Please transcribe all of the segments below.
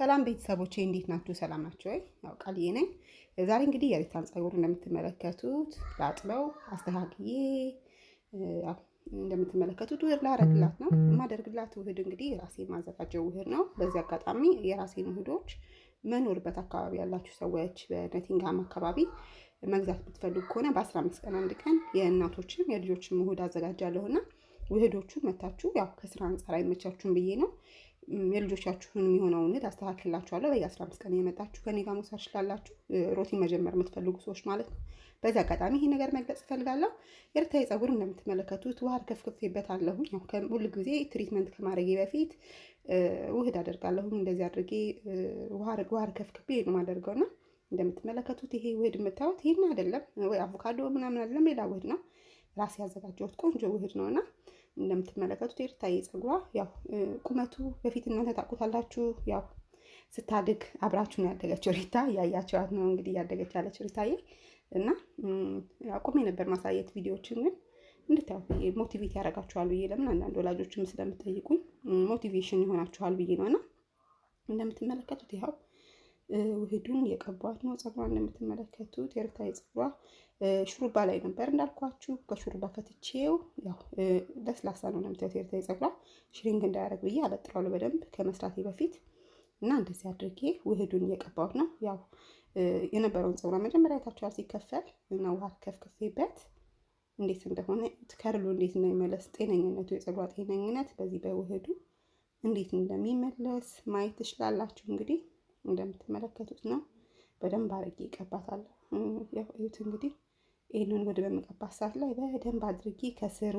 ሰላም ቤተሰቦቼ እንዴት ናችሁ? ሰላም ናችሁ ወይ? ያው ቃልዬ ነኝ። ዛሬ እንግዲህ የሪታን ፀጉር እንደምትመለከቱት ላጥበው አስተካክዬ እንደምትመለከቱት ውህድ ላረግላት ነው። የማደርግላት ውህድ እንግዲህ ራሴ የማዘጋጀው ውህድ ነው። በዚህ አጋጣሚ የራሴን ውህዶች መኖርበት አካባቢ ያላችሁ ሰዎች በነቲንግሃም አካባቢ መግዛት ብትፈልጉ ከሆነ በ15 ቀን አንድ ቀን የእናቶችም የልጆችም ውህድ አዘጋጃለሁና ውህዶቹን መታችሁ ያው ከስራ አንጻር አይመቻችሁም ብዬ ነው የልጆቻችሁን የሚሆነው እውነት አስተካክልላችኋለሁ። አስራ አምስት ቀን የመጣችሁ ከኔ ጋር መውሰድ ትችላላችሁ፣ ሮቲን መጀመር የምትፈልጉ ሰዎች ማለት ነው። በዚህ አጋጣሚ ይሄ ነገር መግለጽ እፈልጋለሁ። የእርታዬ ፀጉር እንደምትመለከቱት ውሃ ከፍክፌበት አለሁኝ። ሁል ጊዜ ትሪትመንት ከማድረጌ በፊት ውህድ አደርጋለሁኝ። እንደዚህ አድርጌ ውሃ ከፍክፌ ነው የማደርገው እና እንደምትመለከቱት ይሄ ውህድ የምታዩት ይህን አይደለም ወይ አቮካዶ ምናምን አይደለም፣ ሌላ ውህድ ነው። ራሴ ያዘጋጀሁት ቆንጆ ውህድ ነው እና እንደምትመለከቱት የሩታዬ ፀጉሯ ያው ቁመቱ በፊት እናንተ ታውቁታላችሁ። ያው ስታድግ አብራችሁ ነው ያደገችው። ሪታ እያያቸዋት ነው እንግዲህ እያደገች ያለችው ሪታዬ እና አቁሜ ነበር ማሳየት ቪዲዮዎችን ግን እንድታዩት ሞቲቬት ያደርጋችኋል ብዬ ለምን አንዳንድ ወላጆችም ስለምጠይቁኝ ሞቲቬሽን ይሆናችኋል ብዬ ነው እና እንደምትመለከቱት ይኸው ውህዱን የቀቧት ነው። ፀጉሯን እንደምትመለከቱት ኤርትራዊ ፀጉሯ ሹሩባ ላይ ነበር እንዳልኳችሁ፣ ከሹሩባ ከትቼው ያው ለስላሳ ነው እንደምታዩት ኤርትራዊ ጸጉሯ ሽሪንግ እንዳያደርግ ብዬ አበጥረዋለሁ በደንብ ከመስራቴ በፊት እና እንደዚህ አድርጌ ውህዱን እየቀባሁት ነው። ያው የነበረውን ፀጉሯ መጀመሪያ የታችኋል ሲከፈል እና ውሃ ከፍክፌበት እንዴት እንደሆነ ከርሉ እንዴት እንደሚመለስ ጤነኝነቱ የፀጉሯ ጤነኝነት በዚህ በውህዱ እንዴት እንደሚመለስ ማየት ትችላላችሁ እንግዲህ እንደምትመለከቱት ነው። በደንብ አድርጌ ይቀባታለሁ። ያዩት እንግዲህ ይህንን ወደ በመቀባት ሰዓት ላይ በደንብ አድርጌ ከስሩ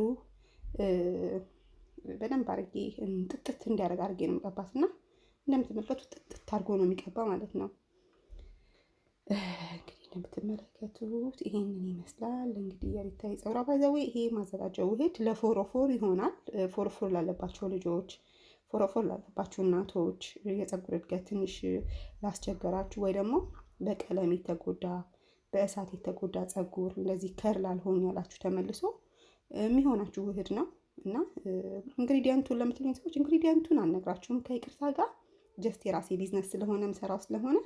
በደንብ አድርጌ ጥጥት እንዲያደርግ አድርጌ ነው የሚቀባት እና እንደምትመለከቱት ጥጥት አድርጎ ነው የሚቀባ ማለት ነው። እንግዲህ እንደምትመለከቱት ይሄንን ይመስላል። እንግዲህ የሪታይ ጸጉር ባይዘዌ ይሄ ማዘጋጀው ውህድ ለፎሮፎር ይሆናል። ፎሮፎር ላለባቸው ልጆች ፎረፎር ላለባችሁ እናቶች፣ የፀጉር እድገት ትንሽ ላስቸገራችሁ፣ ወይ ደግሞ በቀለም የተጎዳ በእሳት የተጎዳ ፀጉር እንደዚህ ከር ላልሆኑ ያላችሁ ተመልሶ የሚሆናችሁ ውህድ ነው እና ኢንግሪዲየንቱን ለምትሉኝ ሰዎች ኢንግሪዲየንቱን አልነግራችሁም ከይቅርታ ጋር ጀስት የራሴ ቢዝነስ ስለሆነ ምሰራው ስለሆነ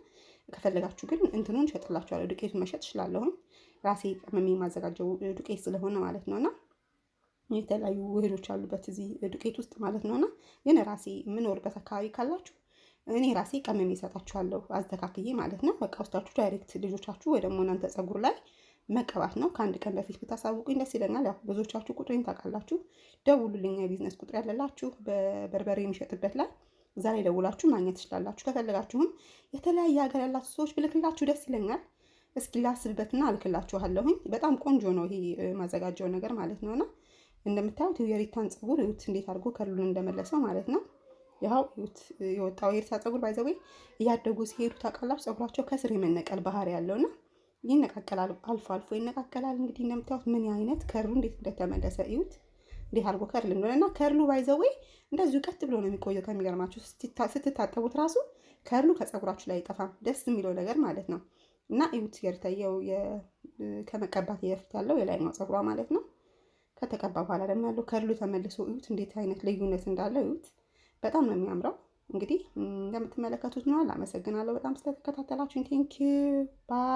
ከፈለጋችሁ ግን እንትኑን እሸጥላችኋለሁ። ዱቄቱን መሸጥ እችላለሁኝ ራሴ ቅመሜ የማዘጋጀው ዱቄት ስለሆነ ማለት ነው እና የተለያዩ ውህዶች አሉበት እዚህ ዱቄት ውስጥ ማለት ነውና፣ ግን ራሴ የምኖርበት አካባቢ ካላችሁ እኔ ራሴ ቀመም ይሰጣችኋለሁ አስተካክዬ ማለት ነው። በቃ ውስጣችሁ ዳይሬክት ልጆቻችሁ ወይ ደግሞ እናንተ ጸጉር ላይ መቀባት ነው። ከአንድ ቀን በፊት ብታሳውቁኝ ደስ ይለናል። ያው ብዙዎቻችሁ ቁጥሬን ታውቃላችሁ። ደውሉልኝ። ቢዝነስ ቁጥር ያለላችሁ በበርበሬ የሚሸጥበት ላይ እዛ ላይ ደውላችሁ ማግኘት ትችላላችሁ። ከፈለጋችሁም የተለያየ ሀገር ያላችሁ ሰዎች ብልክላችሁ ደስ ይለኛል። እስኪ ላስብበትና አልክላችኋለሁኝ። በጣም ቆንጆ ነው ይሄ ማዘጋጀው ነገር ማለት ነውና እንደምታዩት የሪታን ፀጉር እዩት፣ እንዴት አድርጎ ከርሉን እንደመለሰው ማለት ነው። ያው እዩት የወጣው የሪታ ፀጉር ባይዘዌ እያደጉ ሲሄዱ ታውቃላችሁ፣ ፀጉራቸው ከስር የመነቀል ባህሪ ያለውና ይነቃቀላል፣ አልፎ አልፎ ይነቃቀላል። እንግዲህ እንደምታዩት ምን አይነት ከሩ እንዴት እንደተመለሰ እዩት፣ እንዴት አድርጎ ከርል እንደሆነ እና ከርሉ ባይዘዌ እንደዚሁ ቀጥ ብሎ ነው የሚቆየው። ከሚገርማችሁ ስትታጠቡት ራሱ ከርሉ ከፀጉራችሁ ላይ አይጠፋም። ደስ የሚለው ነገር ማለት ነው እና እዩት የሪታየው ከመቀባት የፊት ያለው የላይኛው ፀጉሯ ማለት ነው ከተቀባ በኋላ ደግሞ ያለው ከርሉ ተመልሶ እዩት፣ እንዴት አይነት ልዩነት እንዳለው እዩት። በጣም ነው የሚያምረው። እንግዲህ እንደምትመለከቱት ነው። አመሰግናለሁ በጣም ስለተከታተላችሁኝ። ቴንኪው ባይ